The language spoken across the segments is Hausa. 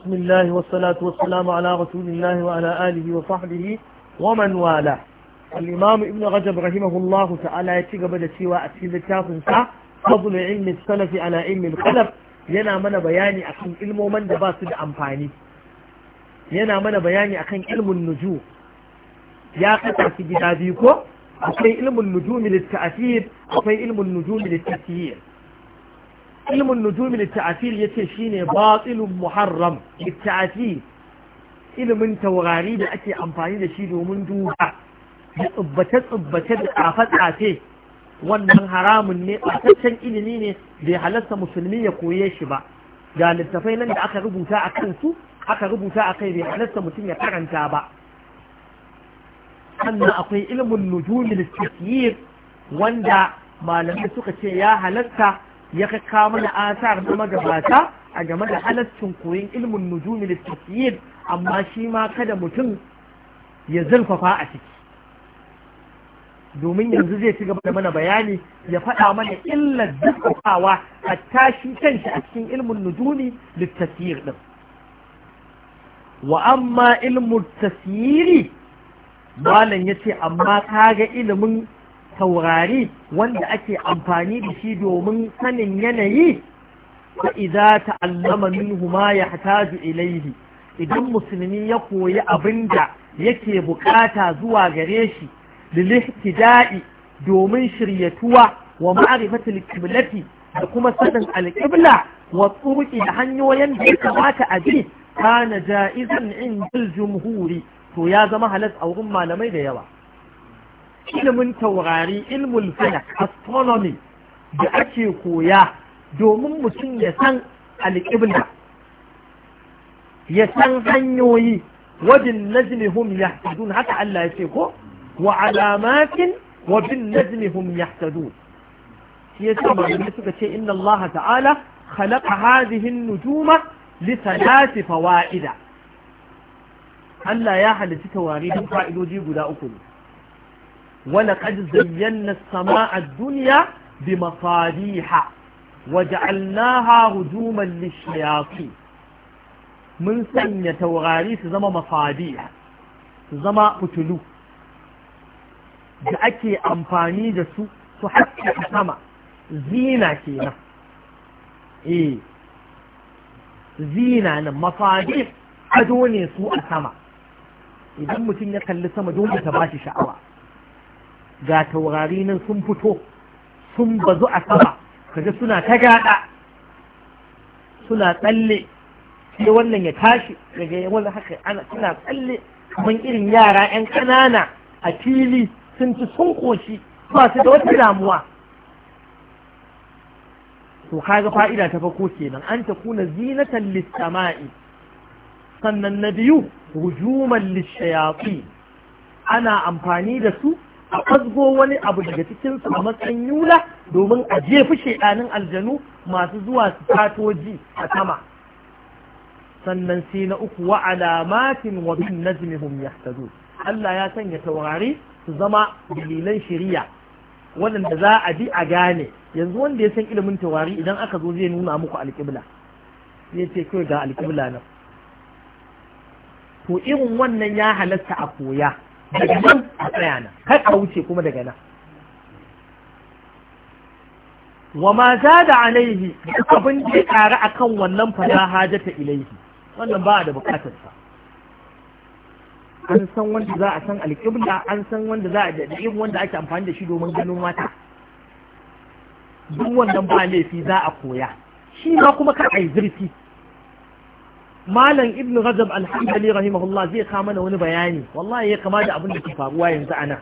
بسم الله والصلاة والسلام على رسول الله وعلى آله وصحبه ومن والاه الإمام ابن رجب رحمه الله تعالى يتقب دا سوى أسهل التافنسة فضل علم السلف على علم الخلف ينا من بياني أكن علم من دباسد أمفاني ينا من بياني أكن علم النجوم يا قطع في جداديكو أكن علم النجوم للتأثير أكن علم النجوم للتسيير ilmin nujumi littafir ya ce shi ne batsilin muharram littafi ilimin taurari da ake amfani da shi domin duba da tsubbace-tsubbace da tsafe-tsafe wannan haramun ne ɓataccen ilimi ne bai halarta musulmi ya koye shi ba ga littafai nan da aka rubuta a kansu aka rubuta a kai bai halarta mutum ya karanta ba sannan akwai ilimin nujumi littafir wanda malamai suka ce ya halarta ya kakka mana asar na magabata a game da halaccin koyon ilmin nujumi da tafiyir amma shi ma kada mutum ya zurfafa a ciki domin yanzu zai ci gaba da mana bayani ya faɗa mana illar zurfafawa a tashi kanshi a cikin ilmin nujumi da tafiyir din wa amma ilmin tasiri malam ya ce amma kaga ilimin taurari wanda ake amfani da shi domin sanin yanayi fa ta ta'allama minhu ma yahtaju ilaihi. idan musulmi ya koyi abinda yake bukata zuwa gare shi lilihtida'i domin shiryatuwa wa ma'rifatul qiblati da kuma sanin alqibla wa tsuruki da hanyoyin da ya kamata a bi kana ja'izan inda jumhuri to ya zama halas a wurin malamai da yawa ilimin taurari ilmul falak astronomy da ake koya domin mutum ya san alƙibla ya san hanyoyi wajin najmihum yahtadun haka Allah ya ce ko wa alamakin wa bin najmihum yahtadun shi yasa malamai suka ce inna Allah ta'ala khalaqa hadhihi an-nujuma li thalathi fawa'ida Allah ya halitta taurari don fa'idoji guda uku ne wani ƙajizayen na a duniya bi mafariha waje allaha hujjumar lishiyaku mun sanya taurari su zama mafariha su da ake amfani da su su haske a sama zina ke nan eh zina nan mafari a su a sama idan mutum ya kalli sama dole ta bashi sha'awa ga taurari nan sun fito sun bazu a sama kaga suna ta gada suna tsalle sai wannan ya tashi daga wannan haka ana suna tsalle kamar irin yara yan ƙanana a fili sun ci sun koshi ba su da wata damuwa to kaga fa'ida ta farko kenan an ta kuna zinatan lissama'i sannan na biyu hujuman lishayaqi ana amfani da su a fasgo wani abu daga cikin su a matsayin yula domin a jefi shaidanin aljanu masu zuwa su a sama sannan sai na uku wa alamatin wa bin najmihum yahtadun Allah ya sanya taurari su zama dalilan shari'a waɗanda za a bi a gane yanzu wanda ya san ilimin taurari idan aka zo zai nuna muku alƙibla zai ce kawai ga alƙibla nan to irin wannan ya halatta a koya daga nan a tsaya na, kar a wuce kuma daga nan wa ma da alaihi abin da ya ƙara akan wannan fada hajjata ilaihi wannan ba da bukatar sa an san wanda za a san alƙibla an san wanda za a da wanda ake amfani da shi domin ganin mata duk wannan ba laifi za a koya shi ma kuma kar a yi zurfi malam ibn rajab alhamdulillah rahimahullah zai kawo mana wani bayani wallahi ya kama da abin da ke faruwa yanzu a nan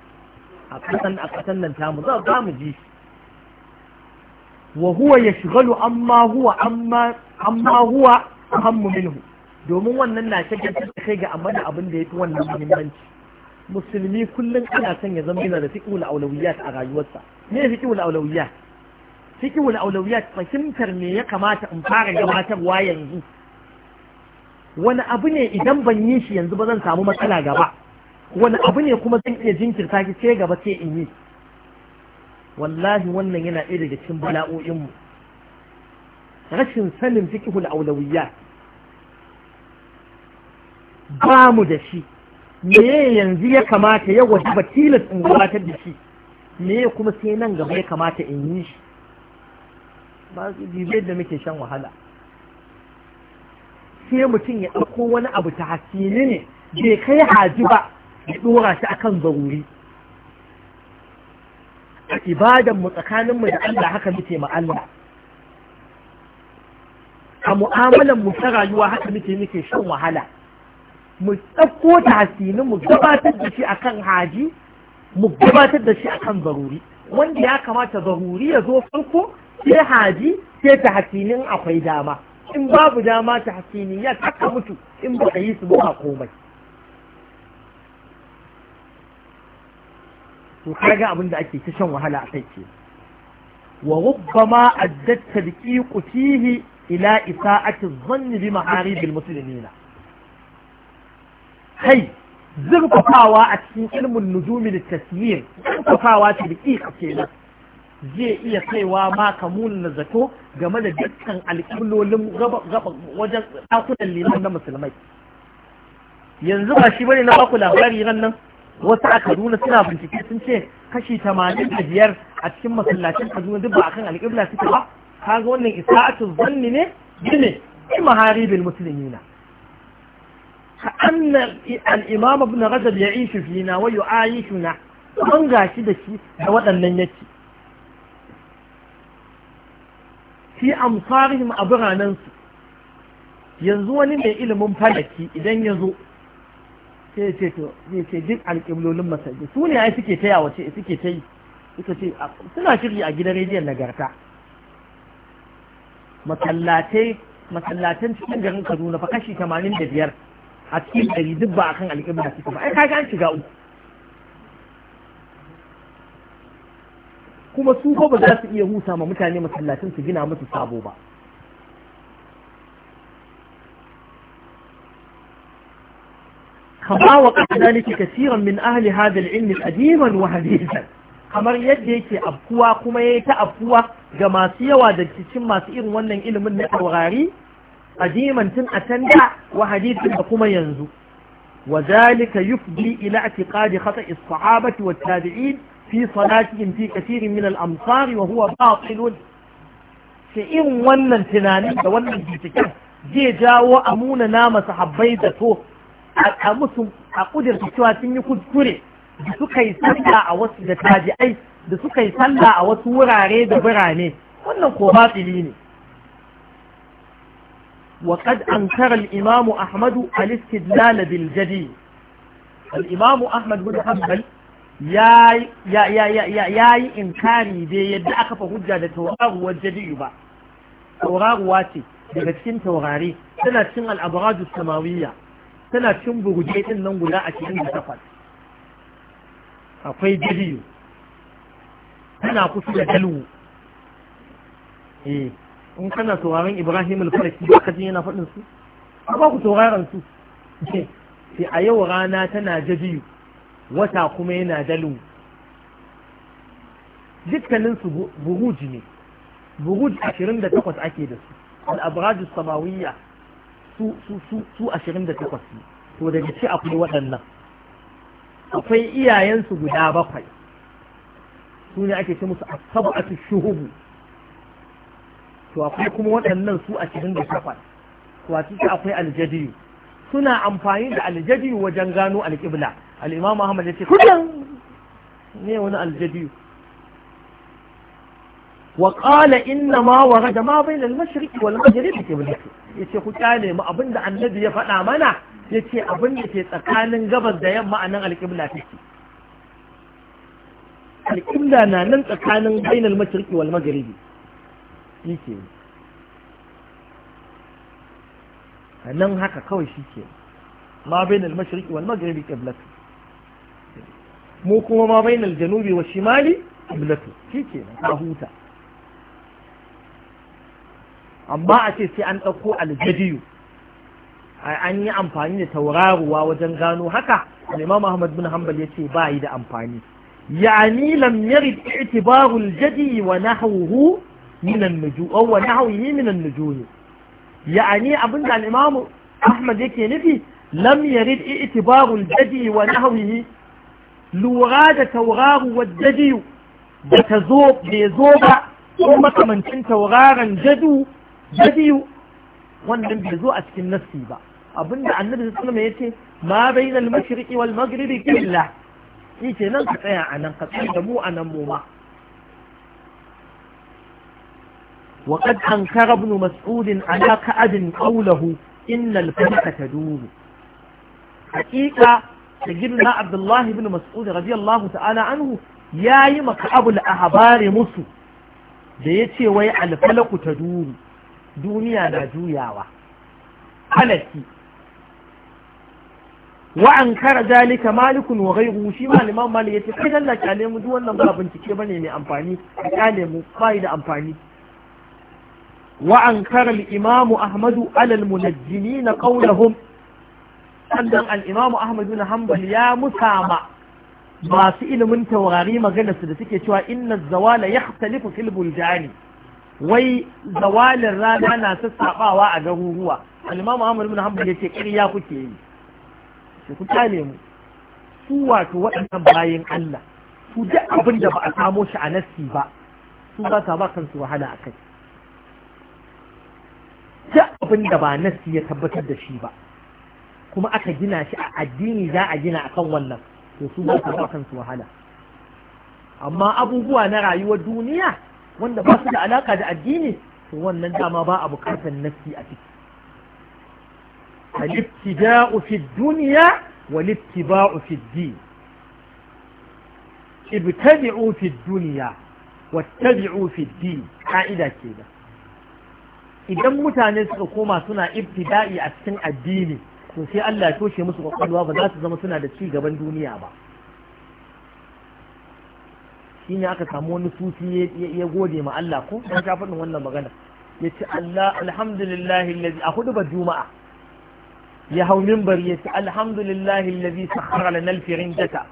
a kasan a kasan nan tamu za za mu ji wa huwa yashghalu amma huwa amma amma huwa hammu minhu domin wannan na shagaltar da kai ga amma da abin da fi wannan muhimmanci musulmi kullum ana son ya zama yana da fiqhul awlawiyat a rayuwarsa me fiqhul awlawiyat fiqhul awlawiyat fahimtar me ya kamata in fara gabatarwa yanzu wani abu ne idan ban yi shi yanzu ba zan samu matsala gaba wani abu ne kuma zan iya jinkirta ki ce gaba sai in yi wallahi wannan yana ɗaya daga cikin bala'o'inmu rashin sanin fikihul aulawiyya ba mu da shi me yanzu ya kamata ya ba tilas in gabatar da shi me kuma sai nan gaba ya kamata in yi shi ba su da muke shan wahala sai mutum ya ɗauko wani abu ta hasini ne bai kai haji ba ya ɗora shi akan zaruri a mu tsakaninmu da Allah haka muke ma Allah a mu ta rayuwa haka muke muke shan wahala mu ɗauko ta hasini mu gabatar da shi akan haji mu gabatar da shi akan zaruri wanda ya kamata zaruri ya zo farko sai haji sai ta hasinin akwai dama in babu dama ta hasini ya taka mutu in ba ka yi su ba komai to kaga abin da ake ta shan wahala a kai ke wa rubbama addat tadqiqu fihi ila isa'ati dhann bi ma'arib al-muslimin kai zurfafawa a cikin ilmin nujumi da tasmir zurfafawa tadqiq kenan zai iya kaiwa ma ka na zato game da dukkan alƙulolin wajen ɗakunan liman na musulmai yanzu ba shi bane na baku labari ran nan wasu a kaduna suna bincike sun ce kashi tamanin da biyar a cikin masallacin kaduna duk ba akan alƙibla suke ba kaga wannan isa'atu zanni ne gine ki maharibil muslimina كأن الإمام ابن رجب يعيش فينا ويعايشنا gashi da shi da waɗannan yake fi amsarihim a biranensu yanzu wani mai ilimin falaki idan ya zo sai ce duk alƙiblolin masarki su ne ai suke taya wace suke ta yi suka ce suna shirya a gidan rediyon nagarta masallatai masallatan cikin garin kaduna fa kashi 85 a cikin ɗari duk ba a kan alƙibla suka ba ai kaga an shiga uku kuma su ko ba za su iya husa ma mutane masallatin su gina musu sabo ba kama wa kadalika kasiran min ahli hadha al-ilm wa kamar yadda yake afkuwa kuma yayi ta afkuwa ga masu yawa da cikin masu irin wannan ilimin na taurari adiman tun atanda wa hadithan da kuma yanzu وذلك يفضي إلى اعتقاد خطأ الصحابة والتابعين في صلاتهم في كثير من الأمصار Sai باطل wannan tunanin da wannan جيتكين zai jawo a muna nama sahabbai da to a musu a kudirta cewa sun yi kuskure da suka yi sallah a wasu da tabi'ai da suka yi sallah a wasu wurare da birane wannan ko batsili ne وقد أنكر الإمام أحمد الاستدلال بالجدي الإمام أحمد بن حنبل ya yi inkari dai yadda aka fa hujja da tauraruwar jadi'u ba tauraruwa ce daga cikin taurari tana cin al'abaraju samawiyya tana cin buruje din nan guda a cikin takwas akwai jadi'u tana kusa da dalwu eh in kana tauraron ibrahim al farki ba ka yana faɗin su ba ku tauraron su eh, sai a yau rana tana jadi'u wata kuma yana dalu dukkaninsu buruj ne buruj 28 ake da su al'abraju samawiyya su 28 ne to daga ci akwai waɗannan akwai iyayensu guda bakwai su ne ake ce musu asabu a shuhubu to akwai kuma waɗannan su 28 wato akwai aljadiyu suna amfani da aljadiyu wajen gano alƙibla al'imamu ahmad ya ce kudan ne wani aljadiyu wa qala inna ma warada ma bayna al-mashriq wal maghrib kiblat yace ku kyale mu da annabi ya faɗa mana yace abin da ke tsakanin gabas da yamma a nan alƙibla take al alƙibla na nan tsakanin bainal mashriq wal maghrib yake nan haka kawai shi ke ma bainal mashriq wal maghrib qiblatu mu kuma ma bainal janubi wa shimali ke nan, ta huta amma a ce sai an ɗauko aljadiyu an yi amfani da tauraruwa wajen gano haka imam ahmad bin hanbal ce ba yi da amfani yani lam yarid itibarul jadi wa nahwuhu min an-nujum aw wa nahwihi min an-nujum yani abinda al-imam ahmad yake nufi lam yarid itibarul jadi wa nahwihi lura da tauraruwar dajiyu da ta zo bai zo ba ko makamancin tauraron jadu dajiyu wannan bai zo a cikin nassi ba abinda annabi sallama ce ma bainal mashriqi wal maghribi illa shi ke nan ka tsaya a nan ka tsaya da mu a nan mu ma وقد أنكر ابن مسعود على كأد قوله إن الفلك تدور حقيقة سيدنا na Abdullahi بن Masud رضي الله ta'ala Anhu ya yi maka abu habari musu da ya ce wai alfalaku ta duru duniya na juyawa halaki wa an kara dalika malikun wa gairu shi mali ya ce kai dalla kyale mu duk wannan ba bincike bane mai amfani a kyale bai da amfani wa an kara al-imamu ahmadu alal munajjinin qawlahum sannan al'imamu Ahmadu bin hanbal ya musama masu ilimin taurari maganarsu da suke cewa inna zawala ya talifu fil buljani wai zawalin rana na sassaɓawa a garuruwa al'imamu ahmad bin hanbal ya ce ƙirya kuke yi su ku kyale mu su wato waɗannan bayan allah su duk abin da ba a samo shi a nassi ba su ba sa ba kansu wahala a kai duk abin da ba nassi ya tabbatar da shi ba kuma aka gina shi a addini za a gina akan wannan to su ba su kan su wahala amma abubuwa na rayuwar duniya wanda ba su da alaka da addini to wannan dama ba a bukatar nafsi a ciki al-ibtida'u fi dunya wal ittiba'u fi din ibtadi'u fi dunya wattabi'u fi din ka'ida kenan idan mutane suka koma suna ibtida'i a cikin addini to sai Allah ya toshe musu kwakwalwa ba za su zama suna da ci gaban duniya ba shi ne aka samu wani sufi ya gode ma Allah ko dan ta faɗin wannan magana ya ce Allah alhamdulillahi allazi a hudu ba juma'a ya hau minbari ya ce alhamdulillahi allazi sakhara lana alfirinjata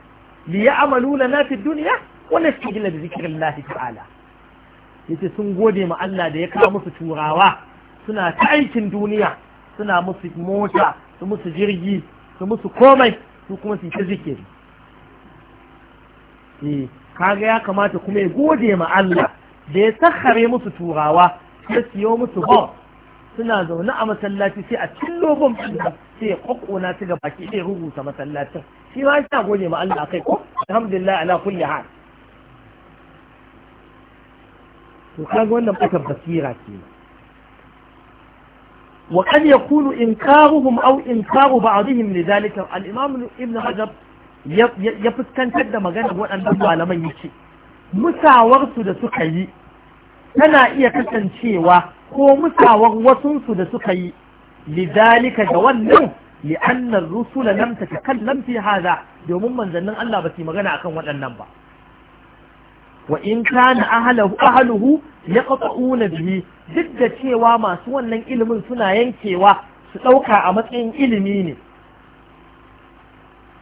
li ya'malu lana fi dunya wa nastajila bi zikrillahi ta'ala yace sun gode ma Allah da ya kawo musu turawa suna ta aikin duniya suna musu mota su musu jirgi su musu komai su kuma su ta zikiri eh kaga ya kamata kuma ya gode ma Allah da ya sakhare musu turawa ya siyo musu ba suna zaune a masallaci sai a cillo bomb sai ya kokona su ga baki sai rubuta masallacin shi ma ya gode ma Allah akai ko alhamdulillah ala kulli hal to kaga wannan fatar basira kenan وقد يكون إنكارهم أو إنكار بعضهم لذلك الإمام ابن حجر يفتكن كد مغانا وأن نبع لما يشي musawarsu da suka yi tana iya kasancewa ko musawar wasunsu da suka yi lidalika ga wannan li'annar rusula lam tatakallam hada domin manzannin Allah ba yi magana akan waɗannan ba wa in kana ahlahu ahluhu yaqta'una bihi duk da cewa masu wannan ilimin suna yankewa su ɗauka a matsayin ilimi ne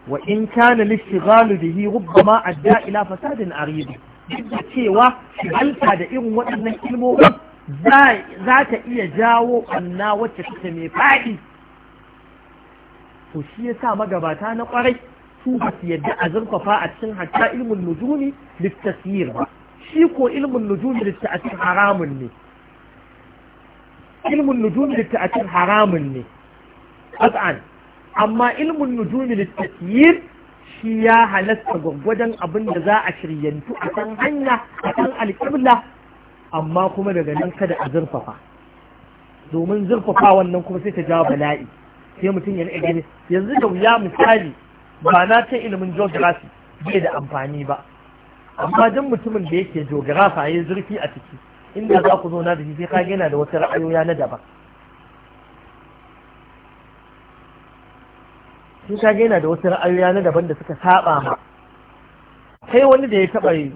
wa in kana lishtighalu bihi rubbama adda ila fasadin arid duk da cewa shigalta da irin waɗannan ilmomin za ta iya jawo anna wacce take mai faɗi to shi yasa magabata na kwarai. su yadda a zurfafa a cikin hatta ilmin nujumi littasir ba shi ko ilmin nujumi littasir haramun ne ilmin nujumi littasir haramun ne azan amma ilmin nujumi littasir shi ya halasta gwaggwadon abin da za a shiryantu a kan hanya a kan alƙibla amma kuma daga nan kada a zurfafa domin zurfafa wannan kuma sai ta jawo bala'i sai mutum ya yanzu da wuya misali ba na ta ilimin geography bai da amfani ba amma don mutumin da yake geography ya zurfi a ciki inda za ku zauna da shi sai ka yana da wata ra'ayoya na daban sun ka yana da wasu ra'ayoyi na daban da suka saba ma sai wani da ya taba yin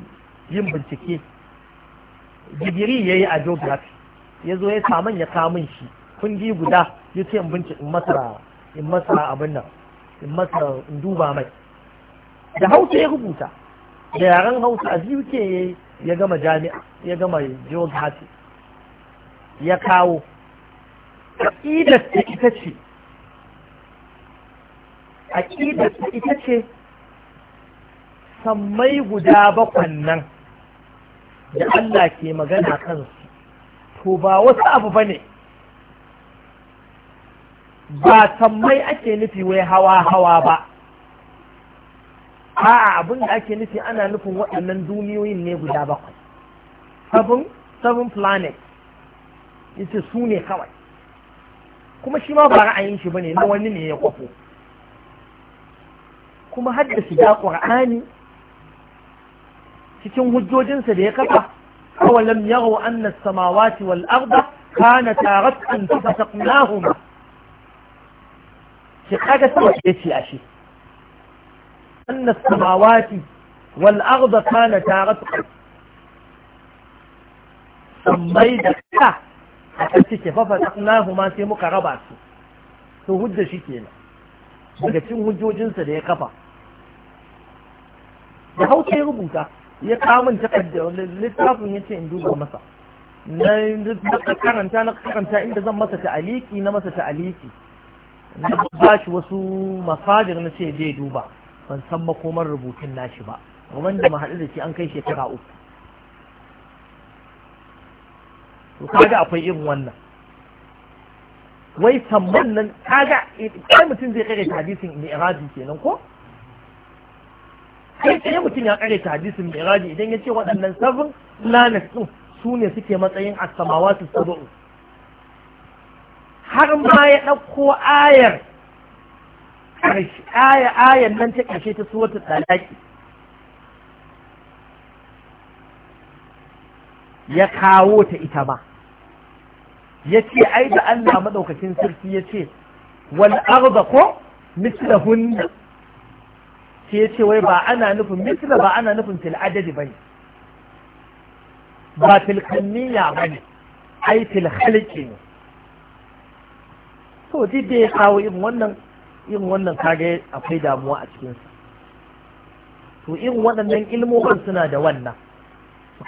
bincike digiri yi a geography ya zo ya samun ya kamun shi kundi guda ya ce in masa in masa abin nan in masa in duba mai da hausa ya rubuta da yaren hausa a biyu ke ya gama jami'a ya gama hati ya kawo aƙidar ta ita ce aƙidar ta ita ce sammai guda bakwan nan da Allah ke magana kansu to ba wasu abu ba ne ba tammai ake nufi wai hawa hawa ba a abin da ake nufi ana nufin waɗannan duniyoyin ne guda bakwai seven seven planet yace su ne kawai kuma shi ma ba ra'ayin shi bane na wani ne ya kwafo kuma har da shiga qur'ani cikin hujjojinsa da ya kafa awalam yaro na samawati wal arda kana tarat an tafataqnahuma ce kaga sama ce ce ashe anna samawati wal arda kana taratu sammai da ka a kan cike fa fatahnahu ma sai muka raba su to hujja shi kenan daga cin hujjojinsa da ya kafa da hausa ya rubuta ya kamun takardar littafin ya ce in duba masa na karanta na karanta inda zan masa ta'aliki na masa ta'aliki na ba shi wasu masajir na ce zai duba ban san makomar rubutun nashi ba wanda da haɗu da shi an kai shekara uku to kaga akwai irin wannan wai samman nan kaga kai mutum zai kare hadisin iradi kenan ko kai kai mutum ya kare hadisin iradi idan ya ce waɗannan sabon planets din su ne suke matsayin as su sab'u har ma ya ɗauko ayar aya ayar nan ta ƙarshe ta suwata talaki ya kawo ta ita ma ya ce ai da Allah maɗaukakin sarki ya ce wal arda ko mislahunna sai ya ce wai ba ana nufin misla ba ana nufin fil adadi bane ba fil kamiyya bane ai fil khalqi ne so duk da ya kawo irin wannan irin wannan kage akwai damuwa a cikin to irin waɗannan ilmomin suna da wannan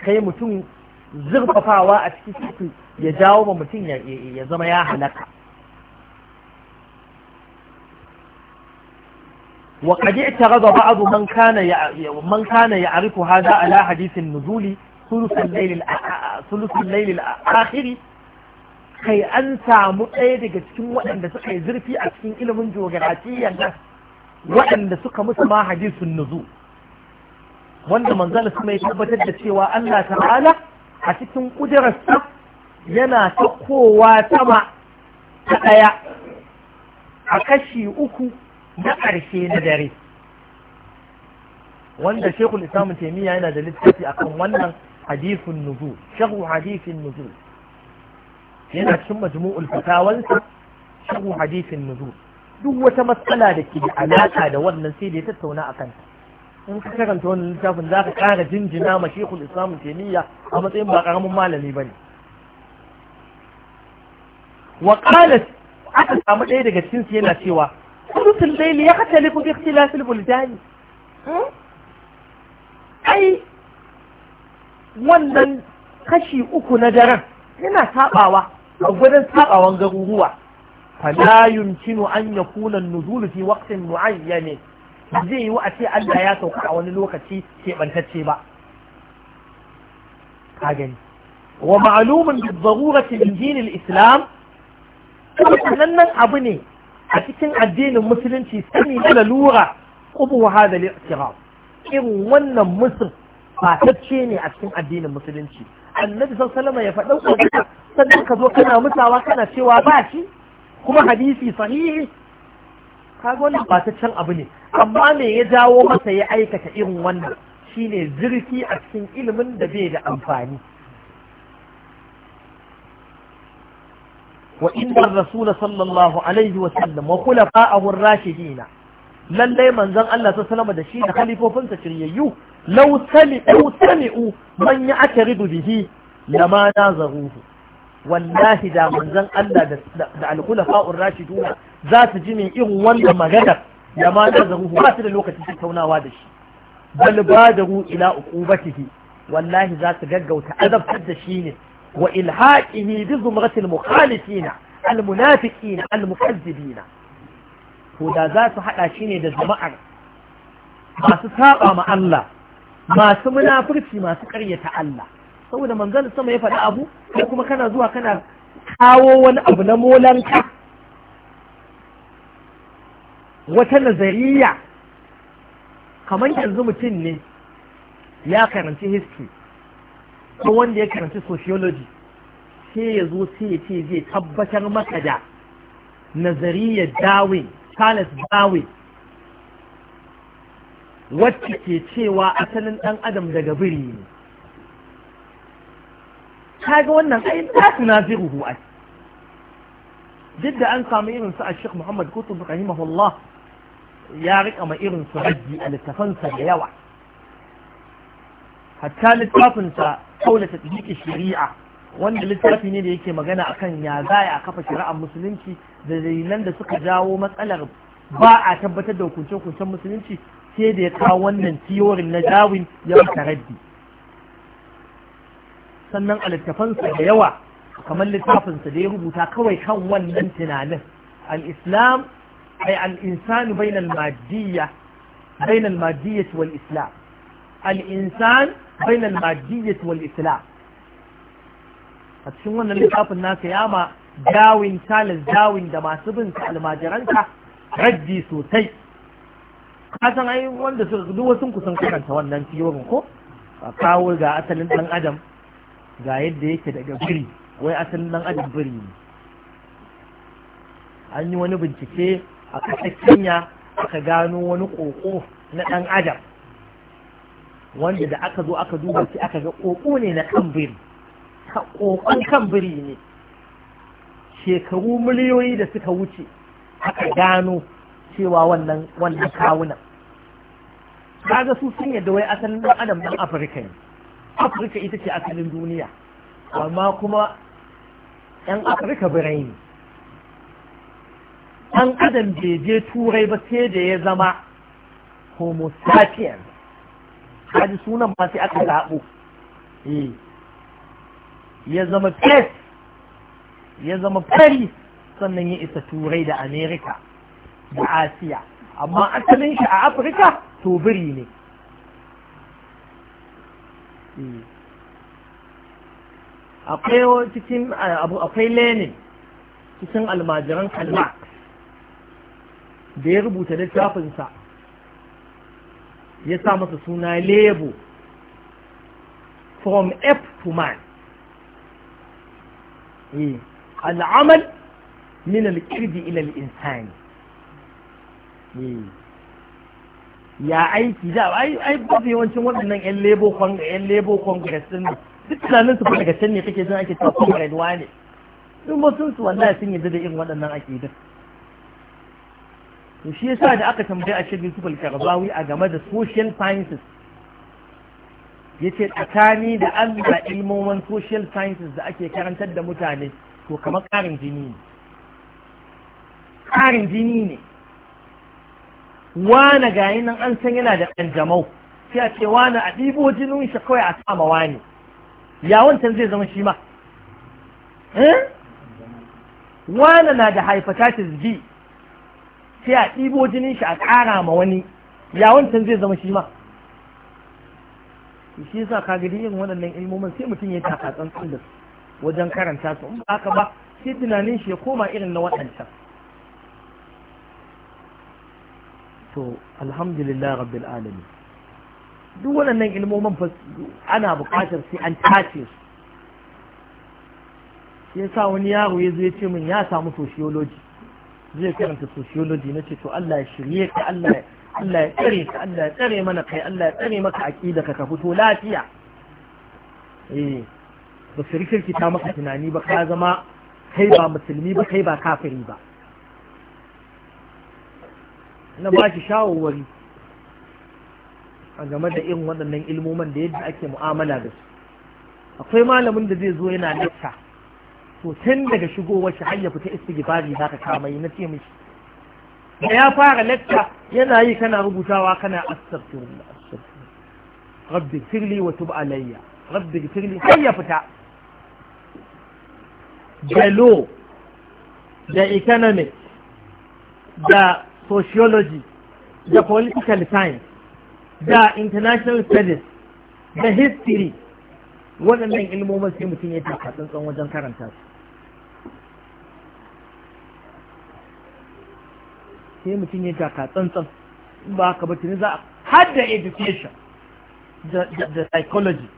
kai mutum zurfafawa a cikin ya jawo ma mutum ya zama ya halaka وقد اعترض بعض من كان ya كان يعرف هذا على حديث النزول ثلث الليل ثلث الليل kai an samu ɗaya daga cikin waɗanda suka yi zurfi a cikin ilimin jogarafiyyar nan waɗanda suka musu ma hadisun nuzu wanda manzal su mai tabbatar da cewa Allah ta'ala a cikin ƙudurarsa yana takowa sama ta ɗaya a kashi uku na ƙarshe na dare wanda shekul islamun taimiyya yana da littafi akan wannan hadisun nuzu shahu hadisin nuzu yana cikin majmu'ul fatawansa shagu hadisin nuzul duk wata matsala da ke da alaka da wannan sai da ya tattauna a kanta in ka karanta wannan littafin za ka ƙara jinjina ma shekul islamun a matsayin ba ƙaramin malami ba ne wa aka samu ɗaya daga cikinsu yana cewa sulutul laili ya katali ku bi ikhtilafil buldani ai wannan kashi uku na daren yana sabawa gwadon sabawan garuruwa fala yumkinu an yakuna an-nuzulu fi waqtin zai yi a ce Allah ya sauka a wani lokaci keɓantacce ba ka gani wa ma'lumun bi darurati min islam nan abu ne a cikin addinin musulunci sani na lalura kuma wahala al irin wannan musul fatacce ne a cikin addinin musulunci annabi sallallahu ya faɗa ɗauka sannan ka zo kana mutawa kana cewa ba kuma hadisi sahihi kaga wannan ba abu ne amma me ya jawo masa ya aikata irin wannan shine zurfi a cikin ilimin da bai da amfani wa inna rasul sallallahu alaihi wa sallam wa khulafa'ahu ar-rashidina lallai manzon Allah sallallahu alaihi wa sallam da shi da khalifofinsa shiryayyu لو سمعوا سمعوا من يعترض به لما نازروه والله دا منزن الله دا الخلفاء الراشدون ذات جميع إن ولا مغنب لما نازروه ما سيد الوقت تتونا وادش بل بادروا إلى أقوبته والله ذات جد وتأذب حد شينه وإلحاقه بزمرة المخالفين المنافقين المكذبين ودا ذات حقا شينه دا زمعر ما سساقا مع الله masu munafurci masu karyata Allah saboda manzon sama ya faɗi abu ko kuma kana zuwa kana kawo wani abu na molanka wata nazariya kamar yanzu mutum ne ya karanci history ko wanda ya karanci sociology sai ya zo sai ya ce zai tabbatar maka da nazariyar darwin charles darwin wacce ke cewa asalin ɗan adam daga biri ne ga wannan ai ta tunaziruhu ai duk da an samu irin su a shek Muhammad Kutub rahimahullah ya rika ma irin su raddi a littafansa da yawa hatta littafinsa kaula ta tsiki shari'a wanda littafi ne da yake magana akan ya zaya a kafa shari'ar musulunci da dalilan da suka jawo matsalar ba a tabbatar da hukunce-hukuncen musulunci sai da ya kawo wannan tiyorin na dawin ya mata raddi sannan a littafansa da yawa kamar littafinsa da ya rubuta kawai kan wannan tunanin al-islam ay al-insanu bainal madiyya bainal madiyyah wal islam al-insan bainal wal islam a cikin wannan littafin nasa ya ma dawin talas dawin da masu bin almajiranka raddi sosai ka san ai wanda su duk wasu ku karanta wannan tiyogin ko a kawo ga asalin dan adam ga yadda yake daga biri wai asalin dan adam biri ne an yi wani bincike a kasar kenya aka gano wani koko na dan adam wanda da aka zo aka duba shi aka ga koko ne na kan biri kokon kan biri ne shekaru miliyoyi da suka wuce aka gano cewa wannan wanda kawunan kaga su sun yadda wai asalin ɗan adam ɗan afirka ne afirka ita ce asalin duniya amma kuma yan afirka birai ne ɗan adam bai je turai ba sai da ya zama homo sapiens kaji sunan ba sai aka zaɓo eh. ya zama fes ya zama fari sannan ya isa turai da amerika da asiya amma asalin shi a afirka to biri ne eh. akwai cikin eh, lenin cikin almajiran kalma da ya rubuta littafinsa ya sa masa suna lebo from f to man eh. al'amal min al-kirdi ila al-insani Hmm. ya aiki da ai ai da yawancin waɗannan yan lebo congress ɗin ne. duk tunanin su daga can ne kake jin ake cewa congress wane sun ba sun su wallahi sun yadda da irin waɗannan ake da. to shi yasa da aka tambaye a shirin su karbawi a game da social sciences yace tsakani da Allah ilmomin social sciences da ake karantar da mutane to kamar karin jini ne ƙarin jini ne wane gayi nan an san yana da ƙanjamau sai a ce wane a ɗibo jinin shi kawai a sama wani ya wancan zai zama shi ma eh? wane na da hepatitis B sai a ɗibo jinin shi a ƙara ma wani ya wancan zai zama shi ma shi yasa ka gidi yin waɗannan ilmomin sai mutum ya taka tsantsan da su wajen karanta su in ba haka ba sai tunanin shi ya koma irin na waɗancan To alhamdulillah rabbil alamin duk waɗannan ilmomin ana buƙatar sai an tace su shi yasa wani yaro ya zo ya ce min ya samu sociology zai karanta sociology na ce to Allah ya shirye ka Allah ya tsare ka Allah ya tsare mana kai Allah ya tsare maka aƙida, ka fito lafiya eh ba su rikirkita maka tunani ba ka zama kai ba musulmi ba kai ba kafiri ba na ba shi shawarwari a game da irin waɗannan ilmoman da yadda ake mu'amala da su akwai malamin da zai zo yana lakta to tun daga shigowar shi har ya fita istighfari zaka kama yi na ce mishi da ya fara lakta yana yi kana rubutawa kana astaghfirullah rabbi firli wa tub alayya rabbi firli har ya fita da law da economic da sociology da political science da international studies da history waɗannan ilmomin sai mutum ya taka tsantsan wajen karanta su sai mutum ya taka tsantsan ba haka ba tuni za a hadda education da psychology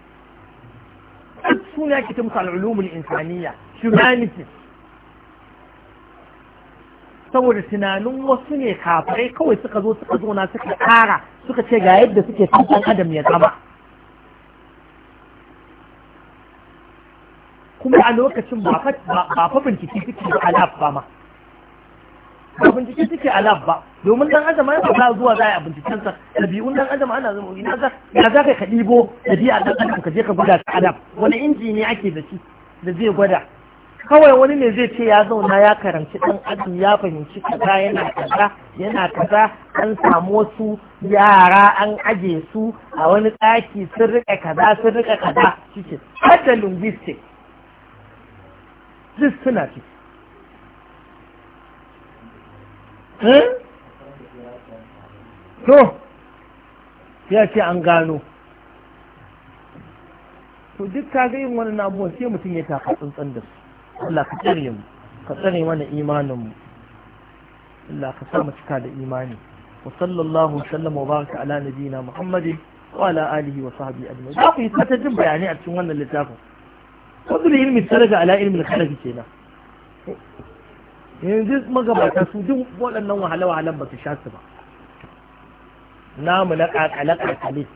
suna kita musu al'ulumul insaniya humanities saboda tunanin wasu ne kafirai kawai suka zo suka zo na suka kara suka ce ga yadda suke san adam ya zama kuma a lokacin ba fa bincike suke a lab ba ma ba bincike suke a lab ba domin dan adam ya ba zuwa za a binciken sa ɗabi'un dan adam ana zama ina za ya za ka ɗibo ɗabi'a dan adam ka je ka gwada ta adam wani inji ne ake da shi da zai gwada kawai wani ne zai ce ya zauna ya karanci ɗan adam ya fahimci kaza yana kaza yana kaza an samu wasu yara an aje su a wani ɗaki, sun rika kaza sun rika kaza cikin hada linguistic duk suna ciki hmm? to ya ce an gano to duk ta ga yin wani nabuwa sai mutum ya taka tsuntsun da su Allah ka tsare mu ka tsare mana imanin mu Allah ka sa mu cika da imani wa sallallahu sallam wa baraka ala nabiyina Muhammadin wa ala alihi wa sahbihi ajma'in za ku yi ta jin bayanai a cikin wannan littafin fadlul ilmi saraga ala ilmi al-khalafi kenan yanzu magabata su duk waɗannan wahala-wahalan ba su sha su ba namu na ƙaƙa na ƙaƙa